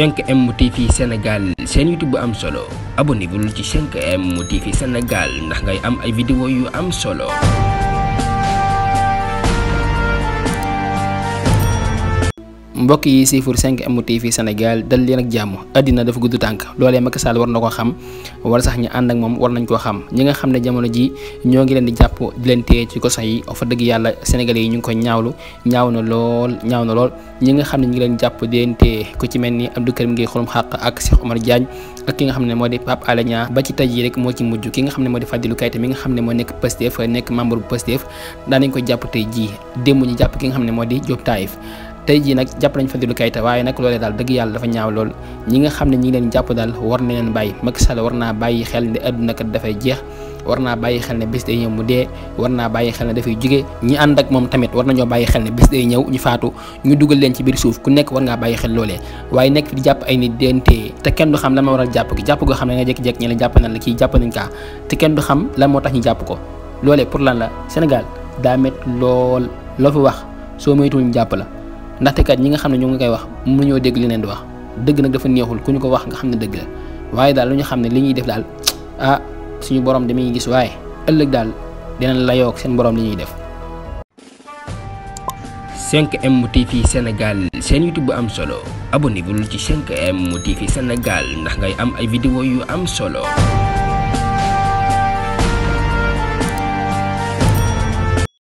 5M TV Sénégal seen YouTube bu am solo abonné bul ci 5M TV Sénégal ndax ngay am ay vidéo yu am solo mbokk yi siifur 5M TV Sénégal dal leen ak jàmm àddina dafa gudd tànk loolee Macky Sall war na ko xam wala sax ñu ànd ak moom war nañ koo xam ñi nga xam ne jamono ji ñoo ngi leen di jàpp di leen téye ci kosox yi fa dëgg yàlla sénégalais yi ñu ngi ko ñaawlu ñaaw na lool ñaaw na lool ñi nga xam ne ñu leen jàpp di leen téye ku ci mel ni Abdou Karim Gueye Xrum Xax ak Cheikh Omar Diagne ak ki nga xam ne moo di Pape Alé ba ci tey jii rek moo ci mujj ki nga xam ne moo di Fadilou Keita mi nga xam ne moo nekk Pastef nekk membre bu Pastef daanañ ko jàpp tey jii démb ñu jàpp ki nga xam ne moo di Diop tey jii nag jàpp nañ fa Fadilou Keita waaye nag loolee daal dëgg yàlla dafa ñaaw lool ñi nga xam ne ñi ngi leen jàpp daal war na leen bàyyi Macky Sall war naa bàyyi xel ne àdduna kat dafay jeex war naa bàyyi xel ne bés day ñëw mu dee war naa bàyyi xel ne dafay jóge ñi ànd ak moom tamit war nañoo bàyyi xel ne bis day ñëw ñu faatu ñu dugal leen ci biir suuf ku nekk war ngaa bàyyi xel loole waaye nekk fi di jàpp ay nit dentee te kenn du xam lan ma waral jàpp jàpp goo xam ne nga jékki-jékki ñi la jàpp nañ la kii jàpp nañ kaa te kenn du xam lan moo tax ñu jàpp ko loolee pour lan la Sénégal daa met lool loo fi wax soo moytuwul jàpp la ndaxte kat ñi nga xam ne ñoo ngi koy wax mu ñoo dégg li leen di wax dëgg nag dafa neexul ku ñu ko wax nga xam ne dëgg la waaye daal lu ñu xam ne li ñuy def daal ah suñu borom damuy gis waaye ëllëg daal dinañ la yoog seen boroom li ñuy def. 5M TV Sénégal seen YouTube bu am solo abonné bul ci 5M TV Sénégal ndax ngay am ay vidéo yu am solo.